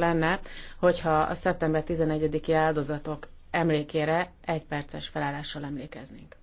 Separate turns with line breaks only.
lenne, hogyha a szeptember 11-i áldozatok emlékére egy perces felállással emlékeznénk.